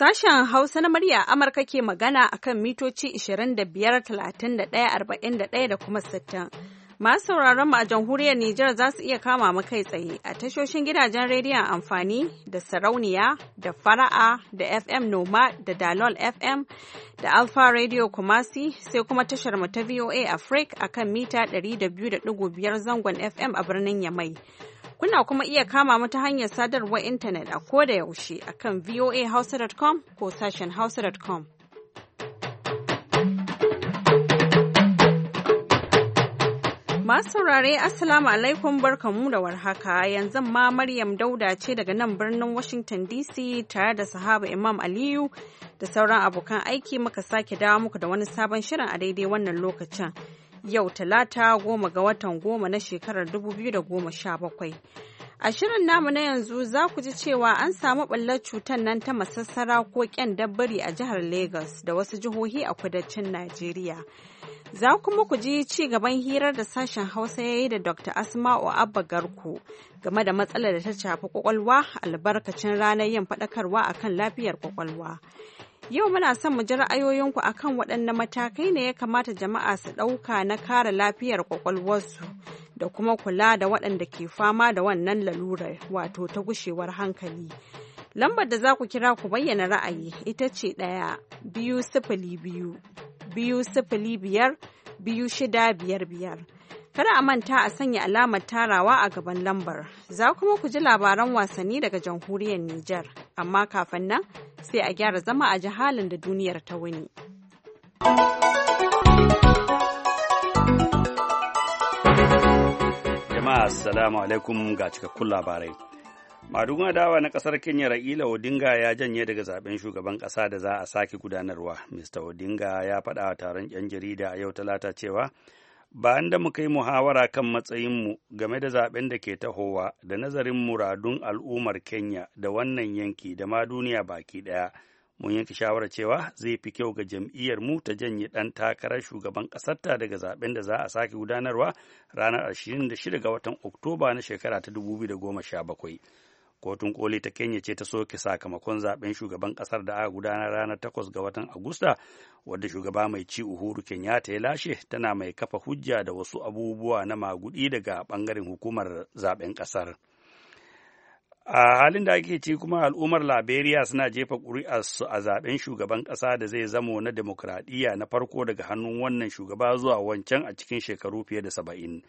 Sashen Hausa na murya Amurka ke magana a kan mitoci 25, 31, 41 da kuma 60. Masu sauraron mu a jamhuriyar Nijar za su iya kama mu kai tsaye a tashoshin gidajen rediyon amfani da sarauniya da fara'a da FM Noma da Dalol FM da Alfa Radio Kumasi sai kuma tashar mu ta VOA Africa akan mita 200.5 zangon FM a birnin Yamai. Kuna kuma iya kama mu ta hanyar sadarwar intanet a koda yaushe a akan voahouse.com ko sashen hausa.com. Masu saurare Assalamu alaikum barkanmu da warhaka yanzu ma Maryam Dauda ce daga nan birnin Washington DC tare da sahaba Imam Aliyu da sauran abokan aiki muka sake dawo muku da wani sabon shirin a daidai wannan lokacin. yau talata goma ga watan goma na shekarar 2017. A shirin namu na yanzu za ku ji cewa an samu ɓallar cutar nan ta masassara ko ƙyan dabbari a jihar Legas da wasu jihohi a kudancin Najeriya. Za kuma ku ji ci gaban hirar da sashen Hausa ya yi da Dr. Asma'u Abba Garku game da matsalar da ta shafi kwakwalwa albarkacin ranar yin faɗakarwa akan lafiyar kwakwalwa. Yau muna son mu ji ra'ayoyinku akan waɗanne matakai ne ya kamata jama'a su ɗauka na kare lafiyar kwakwalwarsu da kuma kula da waɗanda ke fama da wannan lalurar wato ta gushewar hankali. Lambar da za ku kira ku bayyana ra'ayi ita ce ɗaya biyu sifili biyu biyu sifili biyar biyu shida biyar biyar. Kada a manta a sanya alamar tarawa a gaban lambar. Za kuma ku ji labaran wasanni daga jamhuriyar Nijar, amma kafin nan sai a gyara zama a ji halin da duniyar ta wuni. Jama'a assalamu alaikum ga cikakkun labarai. Madugun adawa na kasar Kenya Raila Odinga ya janye daga zaben shugaban kasa da za a sake gudanarwa. Mr. Odinga ya faɗa a taron 'yan jarida a yau talata cewa bayan da muka yi muhawara kan matsayinmu game da zaben da ke tahowa da nazarin muradun al'ummar Kenya da wannan yanki da ma duniya baki ɗaya. Mun yanki shawarar cewa zai fi kyau ga jam'iyyar mu ta janye ɗan takarar shugaban ƙasarta daga zaben da za a sake gudanarwa ranar 26 ga watan Oktoba na shekara ta 2017. kotun koli ta kenya ce ta soke sakamakon zaben shugaban kasar da aka gudana ranar takwas ga watan agusta wadda shugaba mai ci uhuru kenyatta ya lashe tana mai kafa hujja da wasu abubuwa na magudi daga bangaren hukumar zaben kasar a halin da ake ci kuma al'ummar liberia suna jefa ƙuri'arsu a zaben shugaban ƙasa da zai zamo na demokradiyya na farko daga hannun wannan shugaba zuwa wancan a cikin shekaru fiye da saba'in.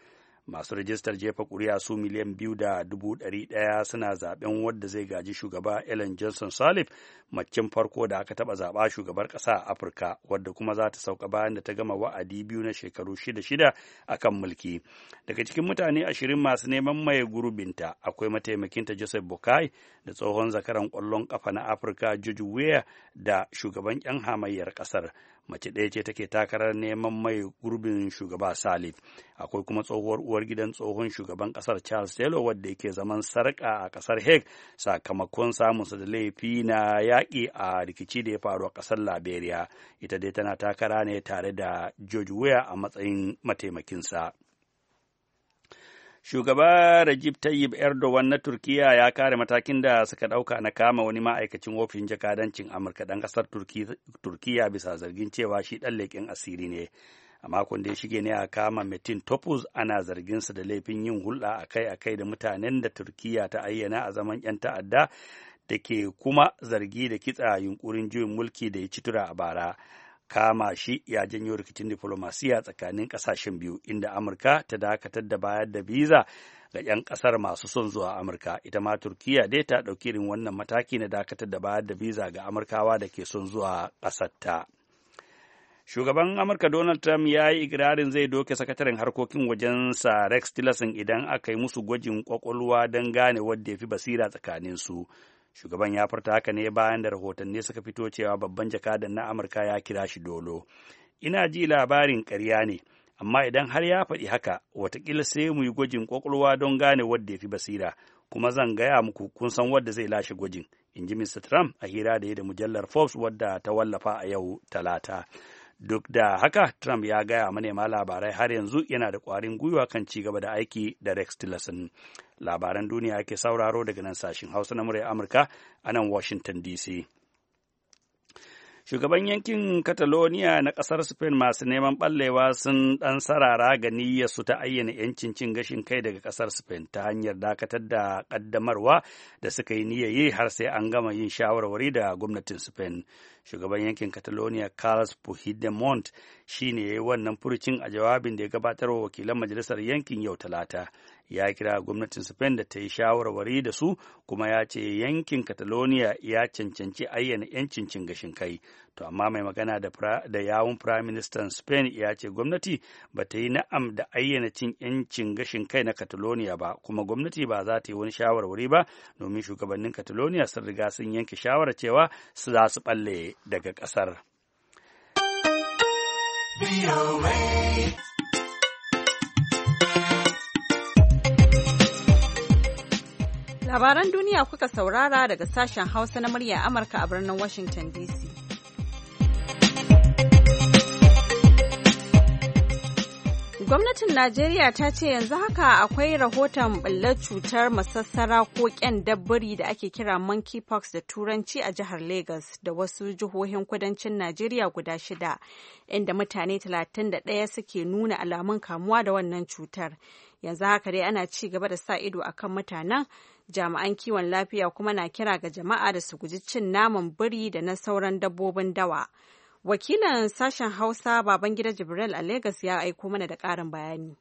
masu rajistar jefa kuri'a su miliyan biyu da dubu ɗari ɗaya suna zaben wadda zai gaji shugaba ellen johnson salif macin farko da aka taɓa zaɓa shugabar ƙasa a afirka wadda kuma za ta sauka bayan da ta gama wa'adi biyu na shekaru shida shida a kan mulki daga cikin mutane ashirin masu neman maye gurbinta akwai mataimakinta joseph bokai da tsohon zakaran ƙwallon ƙafa na afirka george weah da shugaban 'yan hamayyar ƙasar mace ɗaya ce take takarar neman mai gurbin shugaba salif akwai kuma tsohuwar uwar gidan tsohon shugaban ƙasar charles taylor wadda yake zaman sarƙa a ƙasar hague sakamakon samunsa da laifi na yaƙi a rikici da ya faru a ƙasar liberia ita dai tana takara ne tare da george weah a matsayin mataimakinsa shugaba Rajib Tayyip Erdogan na Turkiya ya kare matakin da suka ɗauka na kama wani ma'aikacin ofishin jakadancin Amurka ɗan ƙasar Turkiya bisa zargin cewa shi ɗan leƙen asiri ne. A makon da ya shige ne a kama Metin Topuz ana zarginsa da laifin yin hulɗa akai-akai da mutanen da Turkiya ta ayyana a zaman 'yan ta'adda da ke kuma zargi da kitsa yunkurin juyin mulki da ya ci tura a bara. kama shi ya janyo rikicin diflomasiya tsakanin kasashen biyu inda amurka ta dakatar da bayar da biza ga 'yan kasar masu son zuwa amurka ita ma turkiya dai ta ɗauki irin wannan mataki na dakatar da bayar da biza ga amurkawa da ke son zuwa ƙasarta. ta shugaban amurka donald trump ya yi ikirarin zai doke sakataren harkokin wajen sa rex tillerson idan aka yi musu gwajin kwakwalwa don gane wadda ya fi basira tsakanin su shugaban ya furta haka ne bayan da rahotanni suka fito cewa babban jakadan na amurka ya kira shi dolo ina ji labarin karya ne amma idan har ya faɗi haka watakila sai mu yi gwajin ƙwaƙwalwa don gane wadda ya fi basira kuma zan gaya muku kun san wadda zai lashe gwajin in ji mr trump a hira da ya da mujallar forbes wadda ta wallafa a yau talata duk da haka trump ya gaya manema labarai har yanzu yana da kwarin gwiwa kan ci gaba da aiki da rex tillerson labaran duniya ke sauraro daga nan sashen hausa na murya amurka a nan washington dc shugaban yankin catalonia na ƙasar spain masu neman ɓallewa sun ɗan sarara ga niyyarsu ta ayyana 'yancin cin gashin kai daga ƙasar spain ta hanyar dakatar da ƙaddamarwa da suka yi niyyaye har sai an gama yin shawarwari da gwamnatin spain shugaban yankin catalonia carles puigdemont shi ne ya yi wannan furucin a jawabin da ya gabatar wa wakilan majalisar yankin yau talata ya kira gwamnatin Spain da ta yi shawarwari da su kuma ya ce yankin Catalonia ya cancanci ayyana 'yancin cin gashin kai. To amma mai magana da, da yawun Prime Minister Spain ya ce gwamnati ba ta yi na'am da ayyana cin 'yancin gashin kai na Catalonia ba kuma gwamnati ba za ta yi wani shawarwari ba domin shugabannin Catalonia sun riga sun yanke shawarar cewa su za su balle daga ƙasar. Labaran duniya kuka saurara daga sashen Hausa na murya Amurka a birnin Washington DC. Gwamnatin Najeriya ta ce yanzu haka akwai rahoton ɓullar cutar masassara ko ƙyan dabbari da ake kira monkeypox da turanci a jihar Legas da wasu jihohin kudancin Najeriya guda shida, inda mutane 31 suke nuna alamun kamuwa da wannan cutar. yanzu haka dai ana ci gaba da sa ido akan mutanen jami'an kiwon lafiya kuma na kira ga jama'a da su guji cin naman biri da na sauran dabbobin dawa wakilin sashen hausa babangida jibril a Legas ya aiko mana da ƙarin bayani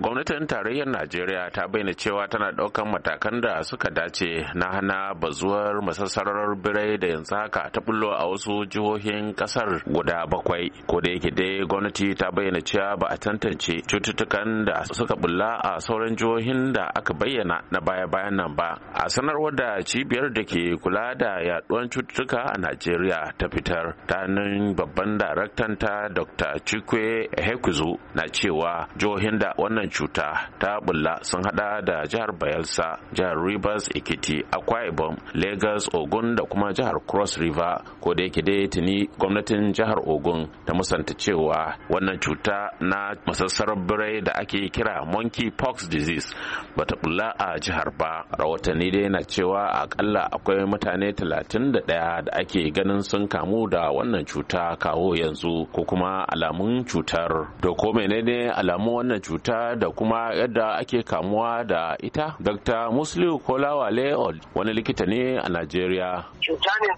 gwamnatin tarayyar najeriya ta bayyana cewa tana ɗaukan matakan da suka dace na hana bazuwar masassarar birai da yanzu haka ta bullo a wasu jihohin ƙasar guda bakwai ko da yake dai gwamnati ta bayyana cewa ba a tantance cututtukan da suka bulla a sauran jihohin da aka bayyana na baya bayan nan ba a sanarwar da cibiyar da ke kula da yaduwar cututtuka a najeriya ta fitar ta babban daraktanta dr chikwe hekuzu na cewa jihohin da wannan cuta ta bulla sun hada da jihar bayelsa jihar rivers ekiti akwa ibom lagos ogun da kuma jihar cross river ko da yake dai tuni gwamnatin jihar ogun ta musanta cewa wannan cuta na masassarar birai da ake kira monkey pox disease bata bulla a jihar ba rahotanni dai na cewa akalla akwai mutane 31 da ake ganin sun kamu da wannan cuta kawo yanzu ko kuma alamun cutar to ko menene alamun wannan cuta da kuma yadda ake kamuwa da ita dr musliu kolawale wani likita ne a najeriya cuta ne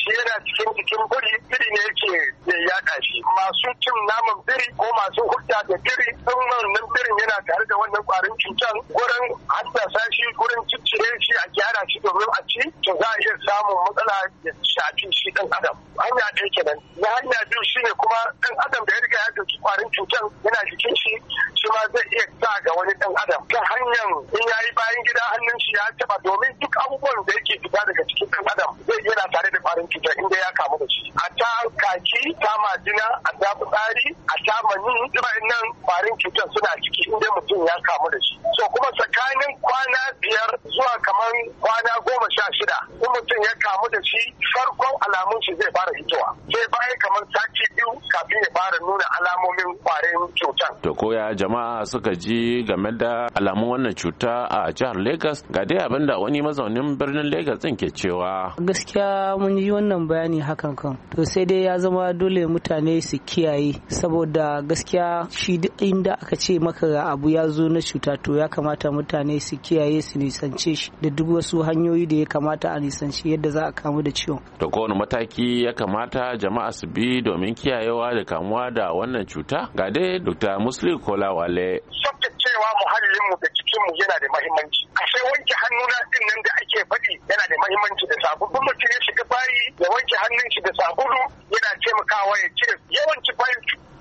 shi yana cikin cikin biri biri ne yake ya yaka shi masu cin naman biri ko masu hulɗa da biri sun wannan birin yana tare da wannan ƙwarin cutar gurin haddasa shi gurin ciccire shi a gyara shi domin a ci to za a iya samun matsala ya shafi shi ɗan adam hanya ɗaya kenan na hanya biyu shine kuma ɗan adam da ya riga ya ɗauki ƙwarin cutar yana jikin shi shi ma zai iya sa ga wani ɗan adam ta hanyar in ya yi bayan gida hannun shi ya taɓa domin duk abubuwan da yake fita daga cikin ɗan adam zai yana tare da ƙwarin inda ya kamu da shi a ta kaki ta majina a ta fitsari a ta mani nan kwarin cutar suna ciki inda mutum ya kamu da shi so kuma tsakanin kwana biyar zuwa kamar kwana goma sha shida in mutum ya kamu da shi farkon alamun shi zai fara hitowa sai bayan kamar sati biyu kafin ya fara nuna alamomin kwarin cutar. To koya jama'a suka ji game da alamun wannan cuta a jihar Lagos ga dai abin da wani mazaunin birnin Lagos din ke cewa. Gaskiya mun yi wannan bayani hakan kan. To sai dai ya zama dole mutane su kiyaye saboda gaskiya shi duk inda aka ce maka abu ya zo na cuta to ya kamata mutane su kiyaye su nisance shi da duk wasu hanyoyi da ya kamata a nisance yadda za a kamu da ciwon. To kowane mataki ya kamata jama'a su bi domin kiyaye kiyayewa da kamuwa da wannan cuta ga dai dr wale kolawale tsaftacewa mu da cikin mu yana da mahimmanci a sai wanke hannuna din nan da ake faɗi yana da mahimmanci da sabulu mutum ya shiga bayi ya wanke hannun shi da sabulu yana taimakawa ya cire yawanci bayan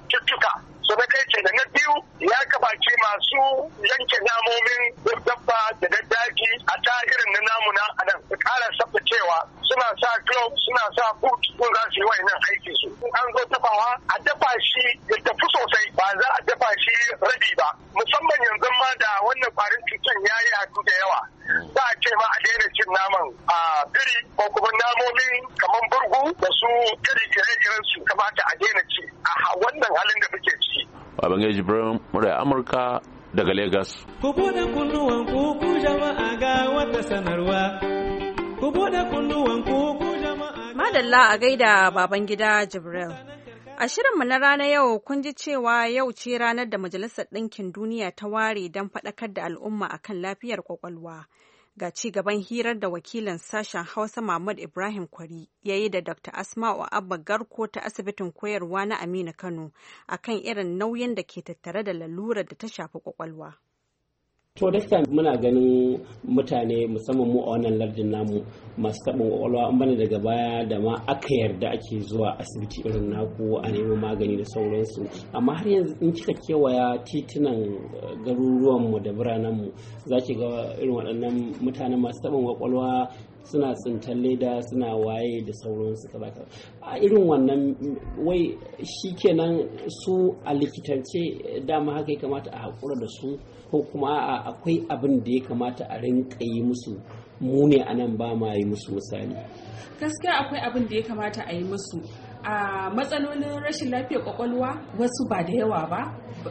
cututtuka su na kai da na biyu ya kabace masu yanke namomin dabba da daddaji a ta irin na namuna a nan su ƙara cewa suna sa glove suna sa boot kun za su yi wayannan aiki su in an zo tafawa a dafa shi ya tafi sosai ba za a dafa shi rabi ba musamman yanzu ma da wannan kwarin cikin ya yi hadu da yawa za a ce ma a daina cin naman a biri ko kuma namomin kamar burgu da su kiri ire kiran su kamata a daina ci a wannan halin da muke ciki. Babangeji Birnin Murai Amurka daga Legas. Ku buɗe kunnuwan ku jama'a ga wata sanarwa. ku buɗe kunnuwan ku jama'a. Madalla a gaida baban gida Jibril. A shirinmu na rana yau kun ji cewa yau ce ranar da Majalisar Ɗinkin Duniya ta ware don faɗakar da al'umma a kan lafiyar kwakwalwa. Ga ci gaban hirar da wakilin sashen Hausa Mahmud Ibrahim Kwari ya yi da Dr. Asma'u Abba Garko ta asibitin koyarwa na Aminu Kano akan irin nauyin da ke tattare da lalurar da ta shafi kwakwalwa. to dakta muna ganin mutane musamman mu a wannan lardin namu masu taɓin ƙwaƙwalwa an bane daga baya da ma aka yarda ake zuwa asibiti irin naku a neman magani da sauransu amma har yanzu in kika kewaya titunan eh, garuruwanmu da biranenmu za ki ga irin waɗannan mutane masu taɓin ƙwaƙwalwa suna tsintar leda suna waye da sauransu a irin wannan wai shi kenan su a likitance dama haka ya kamata a haƙura da su ko kuma akwai abin da ya kamata a rinka yi musu mune a nan ba ma yi musu misali gaskiya akwai abin da ya kamata a yi musu a matsalolin rashin lafiyar kwakwalwa wasu ba da yawa ba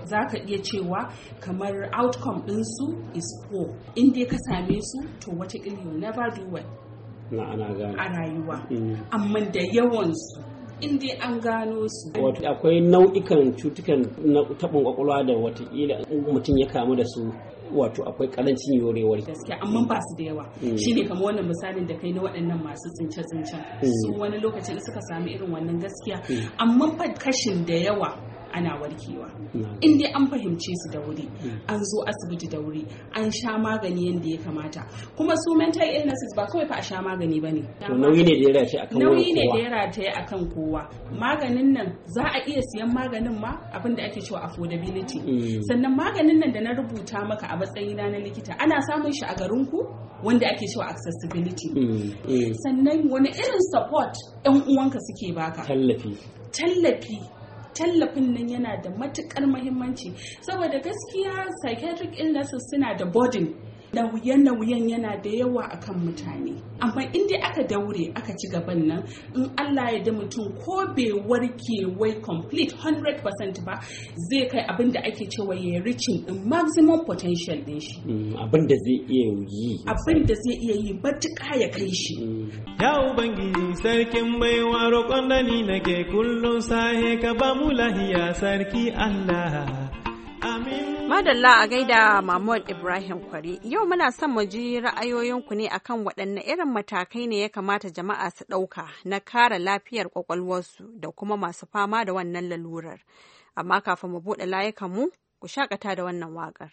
za ka iya cewa kamar outcome ɗinsu is poor inda ka same su to wata you never do well a rayuwa mm. amma da yawansu in dai an gano su. Wato akwai nau'ikan cutukan na taɓin kwakwalwa da watakila mutum ya kamu da su wato akwai karancin yorewar. Gaskiya amma ba su da yawa. Mm. Shi ne kamar wannan misalin da kai na waɗannan masu tsince-tsincen. Mm. Su wani lokacin suka sami irin wannan gaskiya. Amma fa kashin da yawa ana warkewa in dai an fahimce su da wuri an zo asibiti da wuri an sha magani yadda ya kamata kuma su mental illnesses ba kawai fa a sha magani ba ne nauyi ne da ya rata nauyi ya akan kowa maganin nan za a iya siyan maganin ma abin da ake cewa affordability mm. sannan maganin nan da na rubuta maka a matsayina na likita ana samun shi a garin ku wanda ake cewa accessibility mm, mm. sannan wani irin support 'yan uwanka suke baka tallafi tallafi tallafin nan yana da matukar mahimmanci saboda gaskiya psychiatric illnesses suna da burden nauye-nauyen yana da yawa akan mutane amma in aka daure aka ci gaban nan in Allah ya da mutum ko bai warke wai complete 100% ba zai kai abin da ake cewa ya yi in maximum potential din shi mm, abin da zai iya yi abin da zai iya yi batuka ya kai shi mm. ya ubangiji sarkin baiwa roƙon da ni nake kullum sahe ka ba mu lahiya sarki Allah Madalla a gaida Mahmud Ibrahim Kwari. Yau muna son mu ji ra'ayoyinku ne akan waɗanne irin matakai ne ya kamata jama'a su ɗauka na kare lafiyar kwakwalwarsu da kuma masu fama da wannan lalurar. Amma kafin mu buɗe layukanmu, ku shaƙata da wannan waƙar.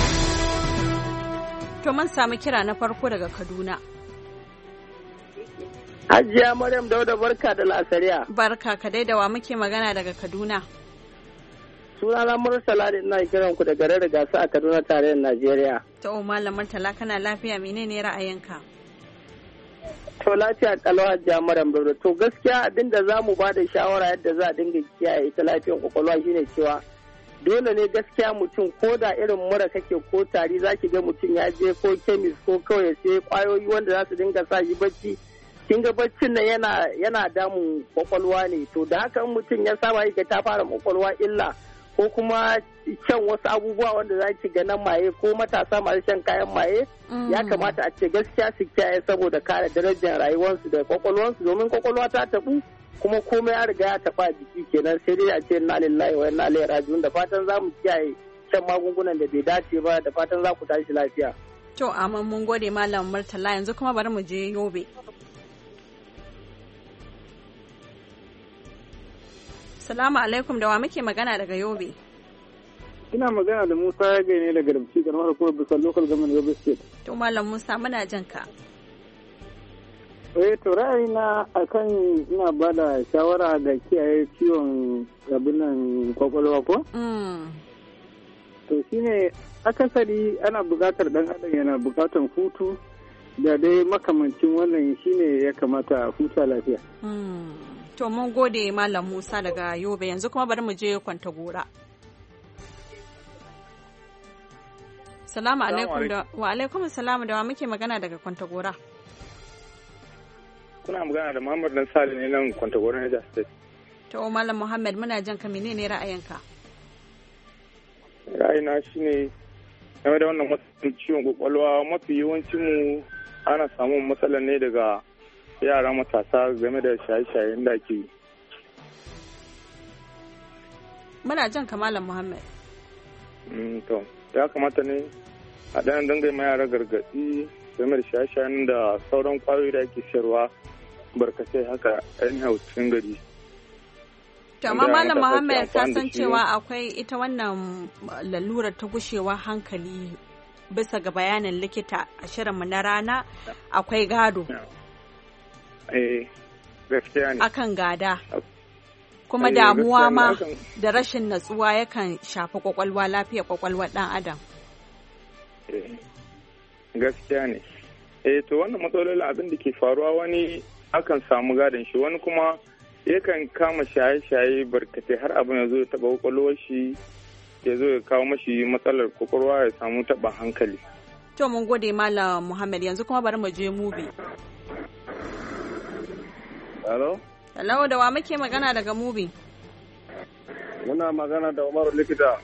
To man samu kira na farko daga Kaduna. Hajiya Maryam Dauda barka da lasariya. Barka ka dai wa muke magana daga Kaduna. Sunana Murtala da ina kiran ku daga garin su a Kaduna tarayyar Najeriya. Ta o Malam kana lafiya menene ra'ayinka? To lafiya kalwa Hajiya Maryam Dauda to gaskiya abinda za mu ba da shawara yadda za a dinga kiyaye ita lafiyar kwakwalwa shine cewa dole ne gaskiya mutum ko da irin mura kake ko tari za ki ga mutum ya je ko kemis ko kawai ya sai kwayoyi wanda za su dinga sa shi bacci kin ga baccin nan yana damun kwakwalwa ne to da haka mutum ya saba yi ta fara kwakwalwa illa ko kuma shan wasu abubuwa wanda za ci ga nan maye ko matasa masu shan kayan maye ya mm. kamata a ce gaskiya su kiyaye saboda kare darajar rayuwarsu da kwakwalwarsu domin kwakwalwa ta tabu kuma komai ya riga ya taɓa jiki kenan sai dai a ce na lillahi wa inna ilaihi raji'un da fatan za mu kiyaye shan magungunan da bai dace ba da fatan za ku tashi lafiya. To amma mun gode malam Murtala yanzu kuma bari mu je Yobe. Assalamu alaikum da wa muke magana daga Yobe. Ina magana da Musa ya gane daga Rabci Mara hukumar Bisa Local Government Yobe State. To Malam Musa muna jan ka. Eh to ra'ayina akan ina ba da shawara ga kiyaye ciwon abinan kwakwalwa ko? Mm. To shine akasari ana buƙatar dan adam yana buƙatar hutu da dai makamancin wannan shine ya kamata a huta lafiya. Mm. To mun gode Malam Musa daga Yobe yanzu kuma bari mu je kwanta gora. Salamu alaikum da wa alaikum salamu da wa muke magana daga kwanta gora. Kuna magana da Muhammad Dan Sali ne nan kwanta gora na State. To Malam Muhammad muna jan ka menene ra'ayinka? Ra'ayina shine game da wannan matsalar ciwon kwakwalwa mafi yawancin mu ana samun matsalar ne daga yara matasa game da shaye-shayen da ke muna jan kamalan muhammad mm, to ya kamata ne a ɗayan dangai ma yara gargaɗi game da shaye-shayen da sauran kwayoyi da ake shirwa barkatai haka yan haucin gari to amma malam muhammad ta san cewa akwai ita wannan lalurar ta gushewa hankali bisa ga bayanin likita a shirinmu na rana akwai gado Eh, gaskiya ne akan gada kuma eh, damuwa ma da rashin natsuwa yakan shafi kwakwalwa lafiya kwakwalwar dan adam eh, gaskiya ne eh to wannan matsalolin abin da ke faruwa wani akan samu gadon shi wani kuma yakan kama shaye-shaye barkatai har abin ya zo ya taba kwakwalwar shi ya zo ya kawo mashi matsalar kwakwalwa ya samu taba hankali to mun gode malam muhammad yanzu kuma bari mu je mubi Hello? Hello, da wa muke magana daga mubi? Muna magana da Umaru Likita,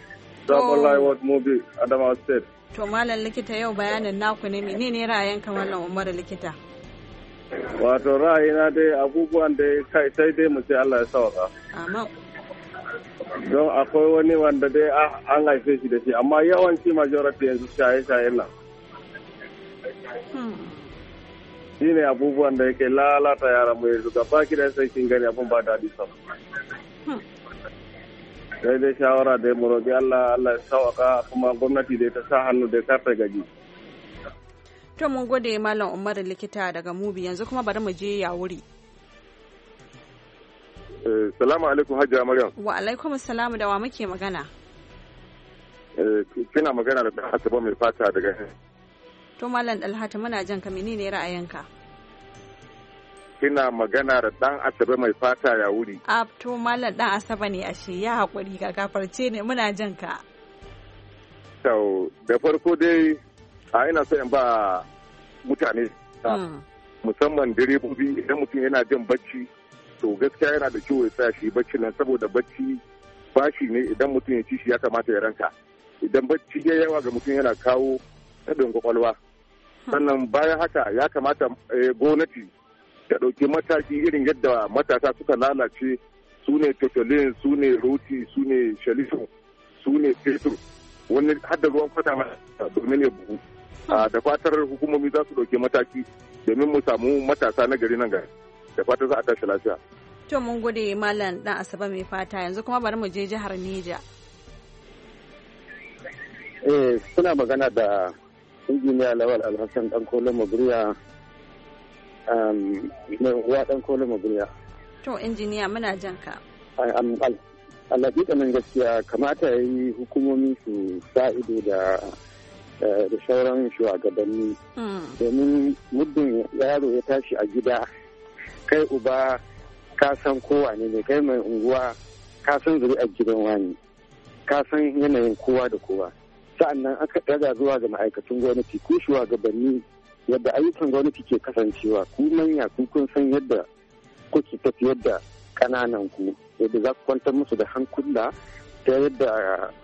Zabon Laiwot Mubi, Adamawa State. To, Malam Likita yau bayanin naku ne ne ne ra'ayinka Malam Umaru Likita? Wato ra'ayina dai abubuwan da kai sai dai mu ce Allah ya sauka. Amin. Don akwai wani wanda dai an haife shi da shi, amma yawanci majority yanzu shaye shaye nan. Hmm. shi ne abubuwan da yake lalata yara mu yanzu gaba ki da sai kin gani abun ba daɗi sam sai dai shawara da mu roƙi Allah Allah ya sauƙa kuma gwamnati da ta sa hannu da karta gaji to mun gode malam Umar likita daga Mubi yanzu kuma bari mu je ya wuri eh, Salamu alaikum Hajiya Maryam. Wa alaikum salamu da wa muke magana. Eh, kina magana da asibo mai fata daga to malam dalhata muna jan ka menene ra'ayinka kina magana da dan asabe mai fata ya wuri a to malam dan asabe ne ashe ya hakuri ka gafarce ne muna jan ka to da farko dai a ina so in ba mutane mm. musamman direbobi idan mutum yana jin bacci to gaskiya yana da kyau ya sa shi bacci nan saboda bacci bashi ne idan mutum ya ci shi ya kamata ya ranka idan bacci ya yawa ga mutum yana kawo tabin kwakwalwa sannan bayan haka ya kamata eh, gwamnati ta ɗauki mataki irin yadda matasa suka lalace su ne totolin su ne roti su ne shalisho su ne fetur wani hada ruwan kwata domin ya buhu hmm. ah, da fatar hukumomi za su ɗauki mataki domin mu samu matasa na gari nan gari da fatar za a tashi lafiya. To mun gode Malam Dan Asaba mai fata yanzu kuma bari mu je jihar Neja. Eh suna magana da injiniya lawal alhassan dan kola maguriya um, mai uwa dan kola maguriya to injiniya muna jan ka alaƙiƙanin gaskiya kamata ya yi hukumomi su sa ido da eh, da sauran shugabanni hmm. domin muddin yaro ya tashi a gida kai uba ka san kowa ne kai mai unguwa ka san zuri a gidan wani ka san yanayin kowa da kowa sa'annan aka daga zuwa ga ma'aikatan gwamnati ko shugabanni yadda ayyukan gwamnati ke kasancewa ku manya ku kun san yadda kuke tafiyar da kananan ku yadda za ku kwantar musu da hankula ta yadda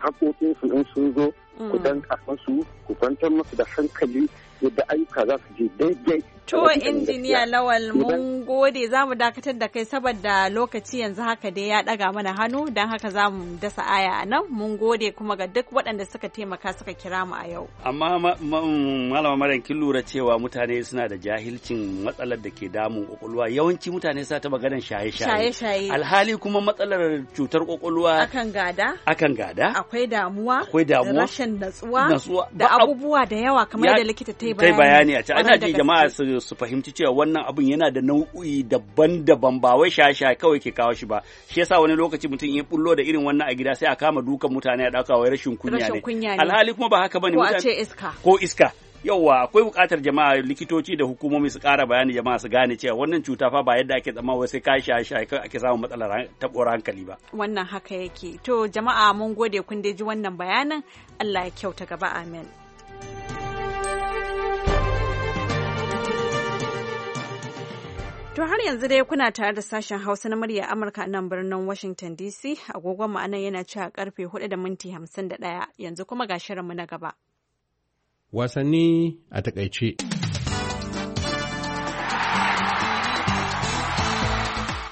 haƙoƙinsu in sun zo ku mm. dan su ku kwantar musu da hankali yadda ayyuka za su je daidai To injiniya Lawal mun gode za mu dakatar da kai saboda lokaci yanzu haka dai ya ɗaga mana hannu don haka za mu dasa aya a nan mun gode kuma ga duk waɗanda suka taimaka suka kira mu a yau. Amma mm, malama maran kin lura cewa mutane suna da jahilcin matsalar da ke damun kwakwalwa yawanci mutane suna ta maganar shaye-shaye. Shaye-shaye. Alhali kuma matsalar cutar kwakwalwa. Akan gada. Akan gada. Akwai damuwa. Akwai damuwa. Rashin natsuwa. Natsuwa. Da abubuwa da yawa kamar da likita ta yi bayani. Ta yi bayani a can. Ina ji jama'a su su fahimci cewa wannan abin yana da nau'i daban-daban ba wai shasha kawai ke kawo shi ba shi yasa wani lokaci mutum ya bullo da irin wannan a gida sai a kama dukan mutane a dauka wai rashin kunya ne alhali kuma ba haka bane ko a iska ko iska yauwa akwai bukatar jama'a likitoci da hukumomi su kara bayani jama'a su gane cewa wannan cuta fa ba yadda ake tsama sai ka sha sha ake samun matsalar taɓuwar hankali ba wannan haka yake to jama'a mun gode kun ji wannan bayanin Allah ya kyauta gaba amin To har yanzu dai kuna tare da sashen Hausa na murya Amurka nan birnin Washington DC agogon mu anan yana ci a karfe 4 da minti 51 yanzu kuma ga shirinmu na gaba. Wasanni a takaice.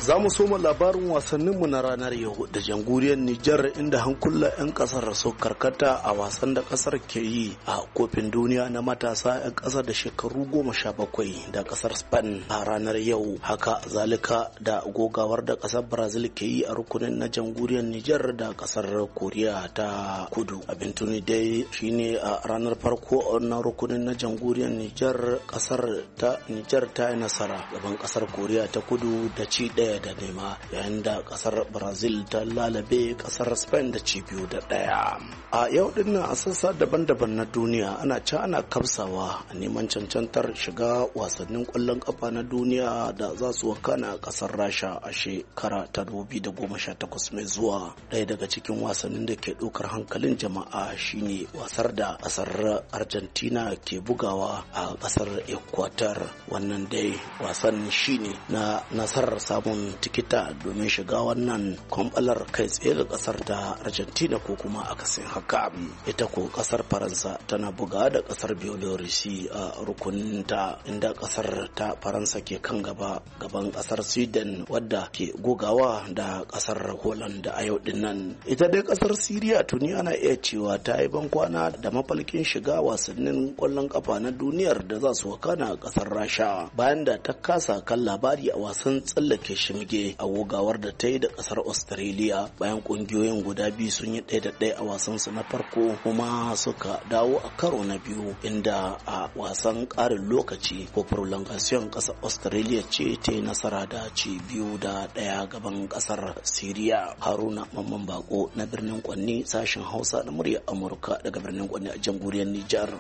Za mu soma labarin wasanninmu na ranar yau da janguriyar Nijar inda hankula 'yan kasar su karkata a wasan da kasar ke yi a kofin duniya na matasa 'yan kasar da shekaru goma sha bakwai da kasar Spain a ranar yau. Haka zalika da gogawar da kasar Brazil ke yi a rukunin na janguriyar Nijar da kasar Koriya ta kudu. Abin tuni dai shine a ranar farko na rukunin na janguriyar Nijar kasar ta Nijar ta yi nasara gaban kasar Koriya ta kudu da ci ɗaya ɗaya da nema yayin da kasar brazil ta lalabe kasar spain da ci biyu da ɗaya a yau nan a sassa daban-daban na duniya ana ci ana kamsawa a neman cancantar shiga wasannin ƙwallon ƙafa na duniya da za su wakana a kasar rasha a shekara ta 2018 mai zuwa Daya daga cikin wasannin da ke ɗaukar hankalin jama'a shine wasar da kasar argentina ke bugawa a kasar ecuador wannan dai wasan shine na nasarar samun tikita domin shiga wannan kwambalar kai tsaye ga kasar ta argentina ko kuma akasin haka ita ko kasar faransa tana buga da kasar biolorisi a rukuninta, inda kasar ta faransa ke kan gaba gaban kasar sweden wadda ke gugawa da kasar holland a yau din nan ita dai kasar syria tuni ana iya cewa ta yi ban kwana da mafalkin shiga wasannin kwallon kafa na duniyar da za su wakana kasar rasha bayan da ta kasa kan labari a wasan tsallake shi shimge a wogawar da ta yi da kasar australia bayan kungiyoyin guda biyu sun yi ɗaya da ɗaya a wasansu na farko kuma suka dawo a karo na biyu inda a wasan ƙarin lokaci ko prolongation kasar australia ce ta yi nasara da ci biyu da ɗaya gaban ƙasar syria haruna mamman bako na birnin kwanni sashen hausa da murya amurka daga birnin kwanni a jamhuriyar nijar.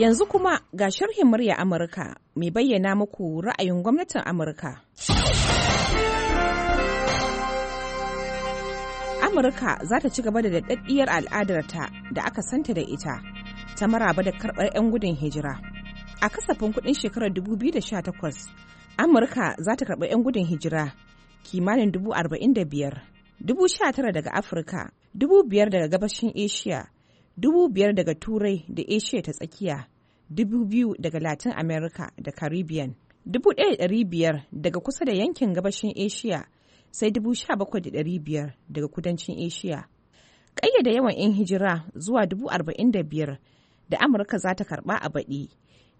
Yanzu kuma ga sharhin murya Amurka mai bayyana muku ra'ayin gwamnatin Amurka. Amurka za ta ci gaba da daɗaɗɗiyar al'adarta da aka santa da ita ta maraba da karɓar 'yan gudun hijira. A kasafin kuɗin shekarar 2018, Amurka za ta karɓi 'yan gudun hijira kimanin 45,000, 19,000 daga Afirka, 5,000 daga gabashin Asia, 5,000 daga turai da asia ta tsakiya 2,000 daga Latin America da Caribbean, 1,500 daga kusa da yankin gabashin Asia, sai 17,500 daga kudancin Asia. Ƙayyada yawan 'yan hijira zuwa 45,000 da Amurka za ta karɓa a baɗi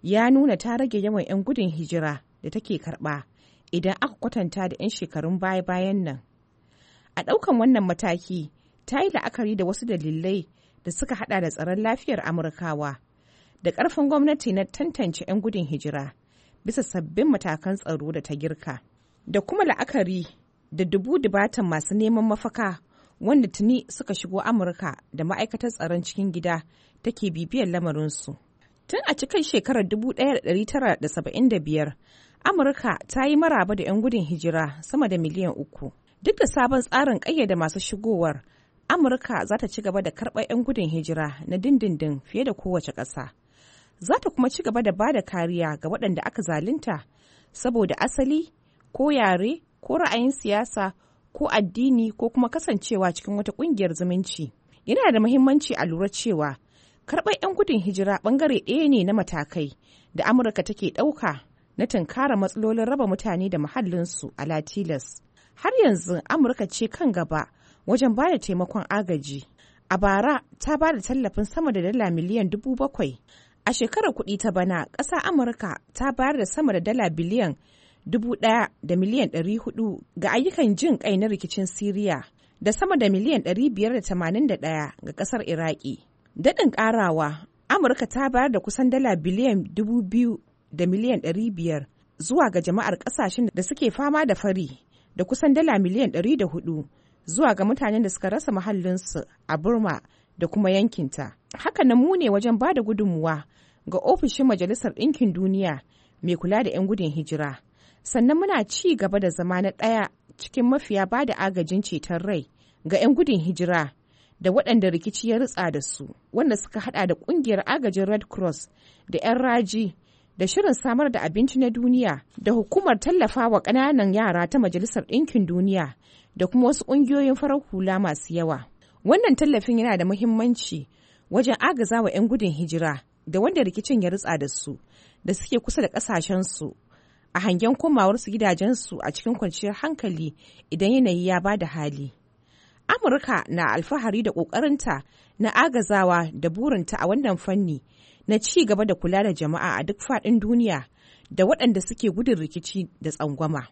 ya nuna ta rage yawan 'yan gudun hijira da take karɓa idan aka kwatanta da 'yan shekarun baya-bayan nan. A ɗaukan wannan mataki, ta yi la'akari da wasu dalilai da suka hada da tsaron lafiyar Amurkawa. da ƙarfin gwamnati na tantance 'yan gudun hijira bisa sabbin matakan tsaro da ta girka da kuma la'akari da dubu dubatan masu neman mafaka wanda tuni suka shigo amurka da ma'aikatar tsaron cikin gida take bibiyar lamarinsu tun a cikin shekarar 1975 amurka ta yi maraba da 'yan gudun hijira sama da miliyan uku duk da sabon tsarin ƙayyade masu shigowar amurka za ta ci gaba da karɓar 'yan gudun hijira na dindindin fiye da kowace ƙasa za ta kuma ci gaba da ba da kariya ga waɗanda aka zalunta saboda asali ko yare ko ra'ayin siyasa ko addini ko kuma kasancewa cikin wata ƙungiyar zumunci yana da muhimmanci a lura cewa karɓar 'yan gudun hijira ɓangare ɗaya ne na matakai da amurka take ɗauka na tunkara matsalolin raba mutane da muhallinsu a latilas har yanzu amurka ce kan gaba wajen ba da taimakon agaji a bara ta ba da tallafin sama da dala miliyan dubu bakwai A shekarar kuɗi ta bana, ƙasa Amurka ta bayar da sama da dala biliyan dubu ɗaya da miliyan ɗari hudu ga ayyukan jin ƙai na rikicin Siriya da sama da miliyan ɗari biyar da tamanin da ɗaya ga ƙasar Iraki. Daɗin ƙarawa, Amurka ta bayar da kusan dala biliyan dubu biyu da miliyan ɗari biyar zuwa ga jama'ar ƙasashen da suke fama da fari da kusan dala miliyan ɗari da hudu zuwa ga mutanen da suka rasa muhallinsu a Burma da kuma yankinta. Haka na mu wajen ba da gudunmuwa ga ofishin Majalisar Ɗinkin Duniya mai kula da 'yan gudun hijira. Sannan muna ci gaba da zama na ɗaya cikin mafiya ba da agajin ceton rai ga 'yan gudun hijira da waɗanda rikici ya rutsa da su, wanda suka haɗa da ƙungiyar agajin Red Cross da 'yan raji da shirin samar da abinci na duniya da hukumar tallafa wa ƙananan yara ta Majalisar Ɗinkin Duniya da kuma wasu ƙungiyoyin farar hula masu yawa. Wannan tallafin yana da muhimmanci wajen agaza wa 'yan gudun hijira da wanda rikicin ya rutsa da su da suke kusa da ƙasashensu a hangen komawarsu gidajensu a cikin kwanciyar hankali idan yanayi ya ba da hali. Amurka na alfahari da ƙoƙarinta na agazawa da burinta a wannan fanni na ci gaba da kula da jama'a a duk faɗin duniya da waɗanda suke gudun rikici da tsangwama.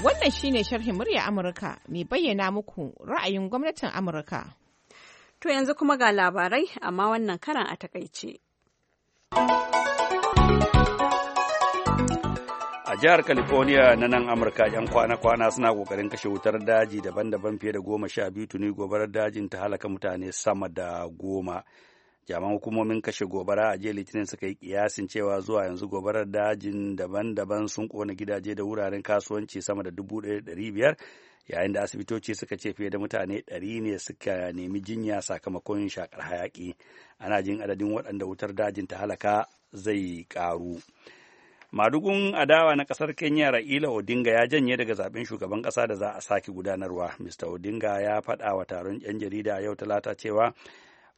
Wannan shine sharhin murya Amurka mai bayyana muku ra'ayin gwamnatin Amurka. To yanzu kuma ga labarai amma wannan karan a takaice. A jihar California na nan Amurka 'yan kwana-kwana suna kokarin kashe wutar daji daban-daban fiye da goma sha biyu tuni gobarar dajin ta halaka mutane sama da goma. jaman hukumomin kashe gobara a jiya litinin suka yi kiyasin cewa zuwa yanzu gobarar dajin daban-daban sun kona gidaje da wuraren kasuwanci sama da dubu biyar yayin da asibitoci suka ce fiye da mutane ɗari ne suka nemi jinya sakamakon shakar hayaki ana jin adadin waɗanda wutar dajin ta halaka zai ƙaru. madugun adawa na ƙasar kenya ra'ila odinga ya janye daga zaben shugaban ƙasa da za a sake gudanarwa mr odinga ya faɗa wa taron 'yan jarida yau talata cewa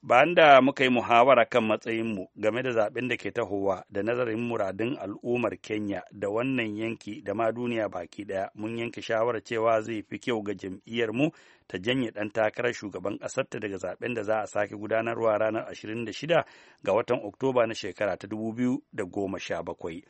ba da muka yi muhawara kan matsayinmu game da zaben da ke tahowa da nazarin muradin al'ummar kenya da wannan yanki da ma duniya baki daya mun yanke shawarar cewa zai fi kyau ga jam'iyyarmu ta janye ɗan takarar shugaban ƙasarta daga zaben da za a sake gudanarwa ranar 26 ga watan oktoba na shekara ta 2017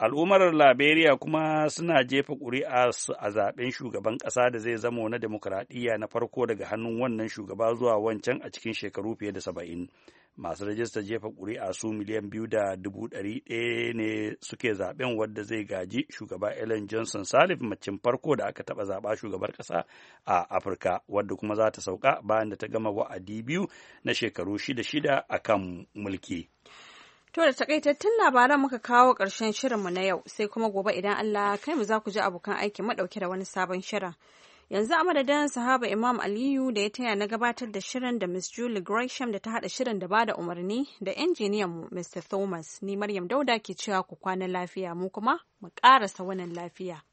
al'ummar liberia kuma suna jefa ƙuri'a a zaben shugaban ƙasa da zai zama na demokuraɗiyya na farko daga hannun wannan shugaba zuwa wancan a cikin shekaru fiye da saba'in masu rajista jefa ƙuri'a su miliyan biyu da dubu ɗari ɗaya ne suke zaben wadda zai gaji shugaba ellen johnson salif macin farko da aka taɓa zaɓa shugabar ƙasa a afirka wadda kuma za ta sauka bayan da ta gama wa'adi biyu na shekaru shida shida a kan mulki. To da takaitattun labaran muka kawo ƙarshen mu na yau sai kuma gobe idan Allah kai mu za ku ji abokan aiki madauke da wani sabon shirin. Yanzu a madadin sahaba Imam Aliyu da ya taya na gabatar da shirin da Miss Julie Gresham da ta haɗa shirin da bada umarni da injiniyan mu Mr. Thomas ni Maryam Dauda ke cewa ku kwana lafiya mu kuma mu ƙara wannan lafiya.